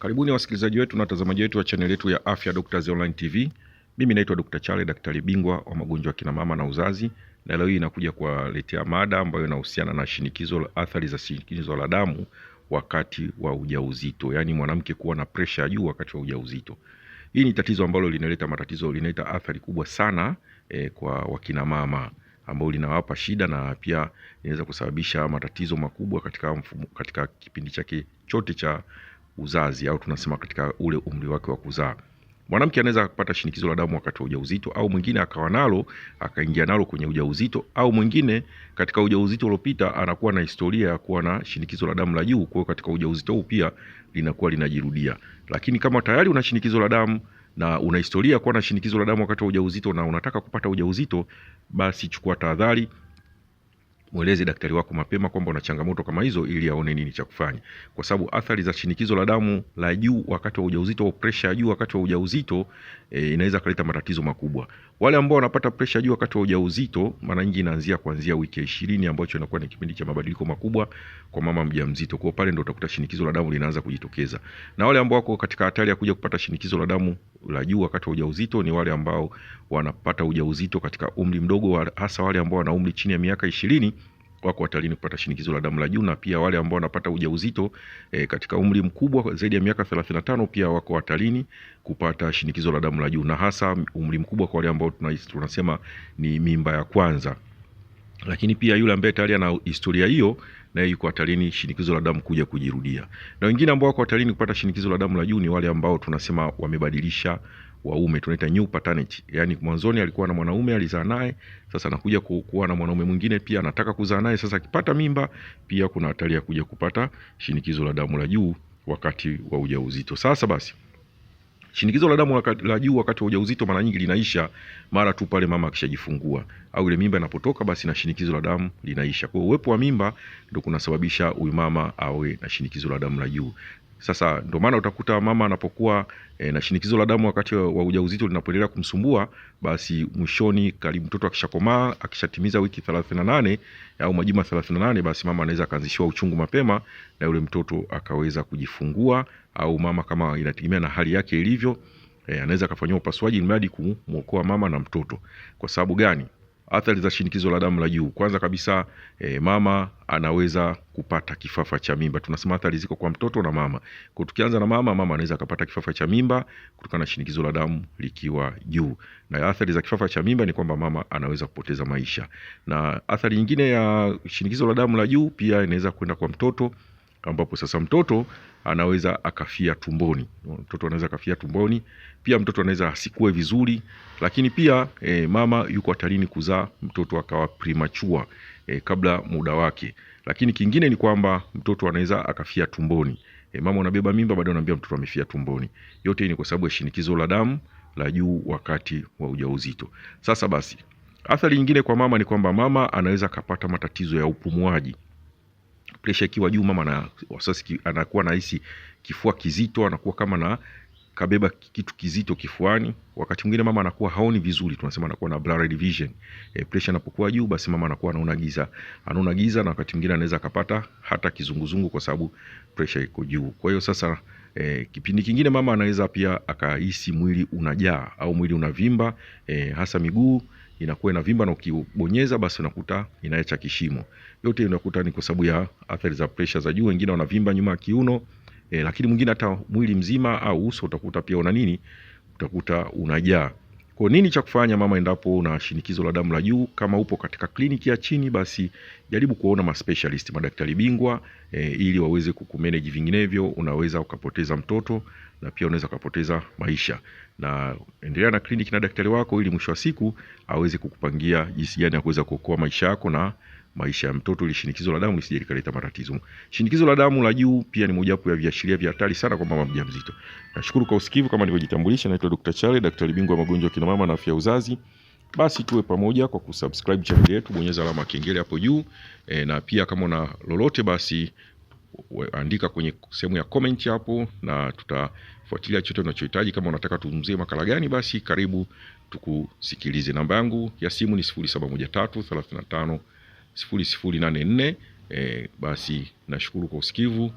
Karibuni wasikilizaji wetu na watazamaji wetu wa chaneli yetu ya Afya Doctors Online TV. Mimi naitwa Dr. Chale, daktari bingwa wa magonjwa ya kina mama na uzazi, na leo hii inakuja kuwaletea mada ambayo inahusiana na shinikizo la athari za shinikizo la damu wakati wa ujauzito, yaani mwanamke kuwa na pressure ya juu wakati wa ujauzito. Hii ni tatizo ambalo linaleta matatizo, linaleta athari kubwa sana e, kwa wakina mama ambao linawapa shida na pia inaweza kusababisha matatizo makubwa katika mfumo, katika kipindi chake chote cha uzazi au tunasema katika ule umri wake wa kuzaa. Mwanamke anaweza kupata shinikizo la damu wakati wa ujauzito, au mwingine akawa nalo akaingia nalo kwenye ujauzito, au mwingine katika ujauzito uliopita anakuwa na historia ya kuwa na shinikizo la damu la juu, kwa hiyo katika ujauzito huu pia linakuwa linajirudia. Lakini kama tayari una shinikizo la damu na una historia kuwa na shinikizo la damu wakati wa ujauzito na unataka kupata ujauzito, basi chukua tahadhari mweleze daktari wako mapema kwamba una changamoto kama hizo, ili aone nini cha kufanya, kwa sababu athari za shinikizo la damu la juu wakati wa ujauzito au pressure ya juu wakati wa ujauzito e, inaweza kuleta matatizo makubwa. Wale ambao wanapata presha juu wakati wa ujauzito mara nyingi inaanzia kuanzia wiki ya ishirini ambacho inakuwa ni kipindi cha mabadiliko makubwa kwa mama mjamzito. Kwa pale ndio utakuta shinikizo la damu linaanza kujitokeza. Na wale ambao wako katika hatari ya kuja kupata shinikizo la damu la juu wakati wa ujauzito ni wale ambao wanapata ujauzito katika umri mdogo, hasa wale ambao wana umri chini ya miaka ishirini wako hatarini kupata shinikizo la damu la juu, na pia wale ambao wanapata ujauzito e, katika umri mkubwa zaidi ya miaka 35 pia wako hatarini kupata shinikizo la damu la juu, na hasa umri mkubwa kwa wale ambao tunasema ni mimba ya kwanza lakini pia yule ambaye tayari ana historia hiyo naye yuko hatarini shinikizo la damu kuja kujirudia. Na wengine ambao wako hatarini kupata shinikizo la damu la juu ni wale ambao tunasema wamebadilisha waume, tunaita new paternity. Yani mwanzoni alikuwa na mwanaume alizaa naye, sasa anakuja kuwa na mwanaume mwingine pia anataka kuzaa naye. Sasa akipata mimba, pia kuna hatari ya kuja kupata shinikizo la damu la juu wakati wa ujauzito. Sasa basi Shinikizo la damu la juu wakati wa ujauzito mara nyingi linaisha mara tu pale mama akishajifungua au ile mimba inapotoka, basi na shinikizo la damu linaisha. Kwa hiyo uwepo wa mimba ndio kunasababisha huyu mama awe na shinikizo la damu la juu. Sasa ndio maana utakuta mama anapokuwa e, na shinikizo la damu wakati wa ujauzito linapoendelea kumsumbua, basi mwishoni, karibu mtoto akishakomaa, akishatimiza wiki 38 au majuma 38, basi mama anaweza akaanzishiwa uchungu mapema na yule mtoto akaweza kujifungua, au mama kama inategemea na hali yake ilivyo, e, anaweza akafanyiwa upasuaji mradi kumwokoa mama na mtoto. Kwa sababu gani? Athari za shinikizo la damu la juu, kwanza kabisa e, mama anaweza kupata kifafa cha mimba. Tunasema athari ziko kwa mtoto na mama. Kwa tukianza na mama, mama anaweza akapata kifafa cha mimba kutokana na shinikizo la damu likiwa juu, na athari za kifafa cha mimba ni kwamba mama anaweza kupoteza maisha. Na athari nyingine ya shinikizo la damu la juu pia inaweza kwenda kwa mtoto ambapo sasa mtoto anaweza akafia tumboni. Mtoto anaweza akafia tumboni, pia mtoto anaweza asikue vizuri, lakini pia e, mama yuko hatarini kuzaa mtoto akawa premature e, kabla muda wake. Lakini kingine ni kwamba mtoto anaweza akafia tumboni. E, mama unabeba mimba, baadaye unaambia mtoto amefia tumboni. Yote hii ni kwa sababu ya shinikizo la damu la juu wakati wa ujauzito. Sasa basi, athari nyingine kwa mama ni kwamba mama anaweza akapata matatizo ya upumuaji presha ikiwa juu, mama na sasa anakuwa anahisi kifua kizito, anakuwa kama na kabeba kitu kizito kifuani. Wakati mwingine mama anakuwa haoni vizuri, tunasema anakuwa na blurred vision. E, eh, pressure inapokuwa juu, basi mama anakuwa anaona giza, anaona giza, na wakati mwingine anaweza akapata hata kizunguzungu kwa sababu pressure iko juu. Kwa hiyo sasa E, kipindi kingine mama anaweza pia akahisi mwili unajaa au mwili unavimba, e, hasa miguu inakuwa inavimba na ukibonyeza basi unakuta inaacha kishimo. Yote unakuta ni kwa sababu ya athari za pressure za juu. Wengine wanavimba nyuma ya kiuno e, lakini mwingine hata mwili mzima au uso utakuta pia una nini, utakuta unajaa. Kwa nini cha kufanya mama, endapo una shinikizo la damu la juu? Kama upo katika kliniki ya chini, basi jaribu kuona specialist madaktari bingwa e, ili waweze kukumanage, vinginevyo unaweza ukapoteza mtoto na pia unaweza ukapoteza maisha. Na endelea na kliniki na daktari wako, ili mwisho wa siku aweze kukupangia jinsi gani ya kuweza kuokoa maisha yako na maisha ya mtoto ili shinikizo la damu lisije likaleta matatizo. Shinikizo la damu la juu pia ni mojawapo ya viashiria vya hatari sana kwa mama mjamzito. Nashukuru kwa usikivu. Kama nilivyojitambulisha, naitwa Dr. Chale, daktari bingwa wa magonjwa ya kina mama na afya uzazi. Basi tuwe pamoja kwa kusubscribe channel yetu, bonyeza alama ya kengele hapo juu e, na pia kama una lolote basi andika kwenye sehemu ya comment hapo, na tutafuatilia chote unachohitaji. Kama unataka tuzungumzie makala gani, basi karibu tukusikilize. Namba yangu ya simu ni 071335 sifuri sifuri nane nne. E, basi nashukuru kwa usikivu.